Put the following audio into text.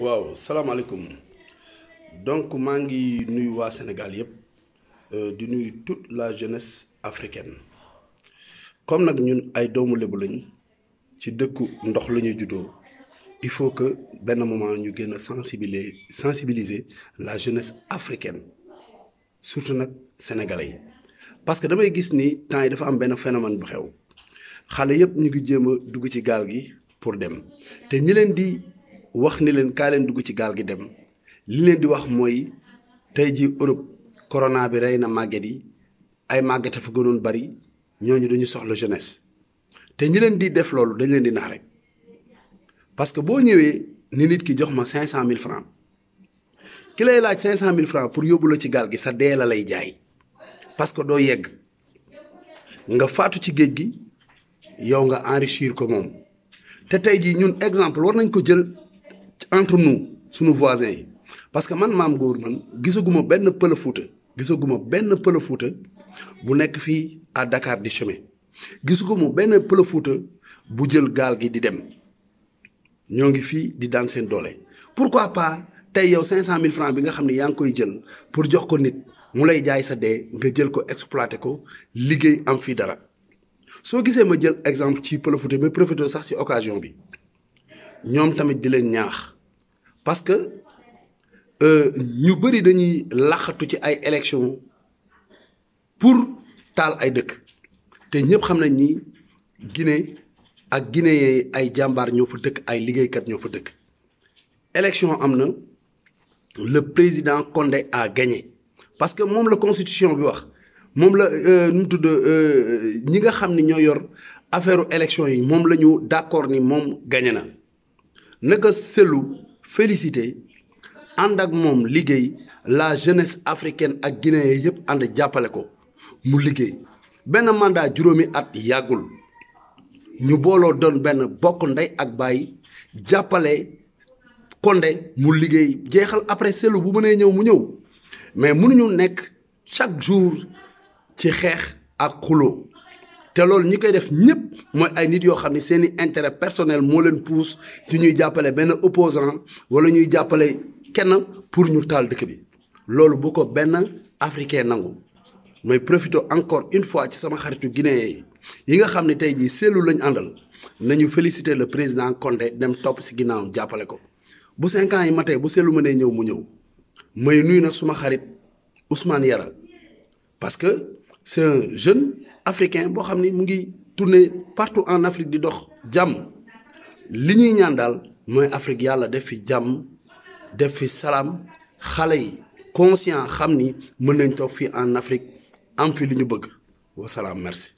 waaw salaamaaleykum donc maa ngi nuyu waa Sénégal yëpp euh, di nuyu tout la jeunesse africaine comme nag ñun ay doomu lébu lañ ci dëkku ndox la ñuy juddoo il faut que benn moment ñu gën a sensibiliser sensibiliser la jeunesse africaine surtout nag sénégalais yi parce que damay gis ni temps yi dafa am benn phénomène bu xew xale yëpp ñu ngi jéem a dugg ci gaal gi pour dem te ñi di. wax ni leen kaa leen dugg ci gaal gi dem li leen di wax mooy tey ji Europe corona bi rey na màgget yi ay màgget a fa gënoon bari ñooñu dañu soxla jeunesse te ñi leen di def loolu dañ leen di nax rek parce que boo ñëwee ni nit ki jox ma cinq cent mille francs ki lay laaj cinq cent mille francs pour yóbbu la ci gaal gi sa dee la lay jaay parce que doo yegg nga faatu ci géej gi yow nga enrichir ko moom te tey jii ñun exemple war nañ ko jël ci entre nous suñu voisin yi parce que man maam góor man gisaguma benn pël gisaguma benn pël bu nekk fii à Dakar di chemin mu benn pël Fuuta bu jël gaal gi di dem ñoo ngi fii di daan seen doole pourquoi pas tey yow cinq cent mille francs bi nga xam ne yaa ngi koy jël pour jox ko nit mu lay jaay sa dee nga jël ko exploité ko liggéey am fii dara soo gisee ma jël exemple ci pël Fuuta ba sax ci occasion bi ñoom tamit di leen ñaax parce que euh, ñu bëri dañuy laxatu ci ay élections pour taal ay dëkk te ñëpp xam nañ ni Guinée ak Guinée ay jàmbaar ñoo fa dëkk ay liggéeykat ñoo fa dëkk. élection am na le président konde a gagné parce que moom la constitution bi wax moom la euh, nu mu tudd euh, ñi nga xam ni ñoo yor affaire élection yi moom la ñu d'accord ni moom gagné na naka selu féliciter ànd ak moom liggéey la jeunesse africaine ak guinéen yëpp ànd jàppale ko mu liggéey benn mandat juróomi at yàggul ñu booloo doon benn bokk ndey ak baay jàppale konde mu liggéey jeexal après selu bu mënee ñëw mu ñëw mais mënuñu nekk chaque jour ci xeex ak xuloo te loolu ñi koy def ñëpp mooy ay nit yoo xam ne seen i intérêt personnel moo leen pousse ci ñuy jàppale benn opposant wala ñuy jàppale kenn pour ñu taal dëkk bi loolu bu ko benn africain nangu mooy profité encore une fois ci sama xaritu guinéen yi nga xam ne tey jii seetlu lañ àndal nañu féliciter le président Condé dem topp si ginnaaw jàppale ko bu cinq yi matee bu seetlu mënee ñëw mu ñëw mooy nuyu nag suma xarit Ousmane Yara parce que c'est jeune africain boo xam ni mu ngi tourner partout en Afrique di dox jàmm li ñuy ñaan daal mooy Afrique yàlla def fi jàmm def fi salaam xale yi conscient xam ni mën nañ toog fii en Afrique am fi li ñu bëgg wasalaam merci.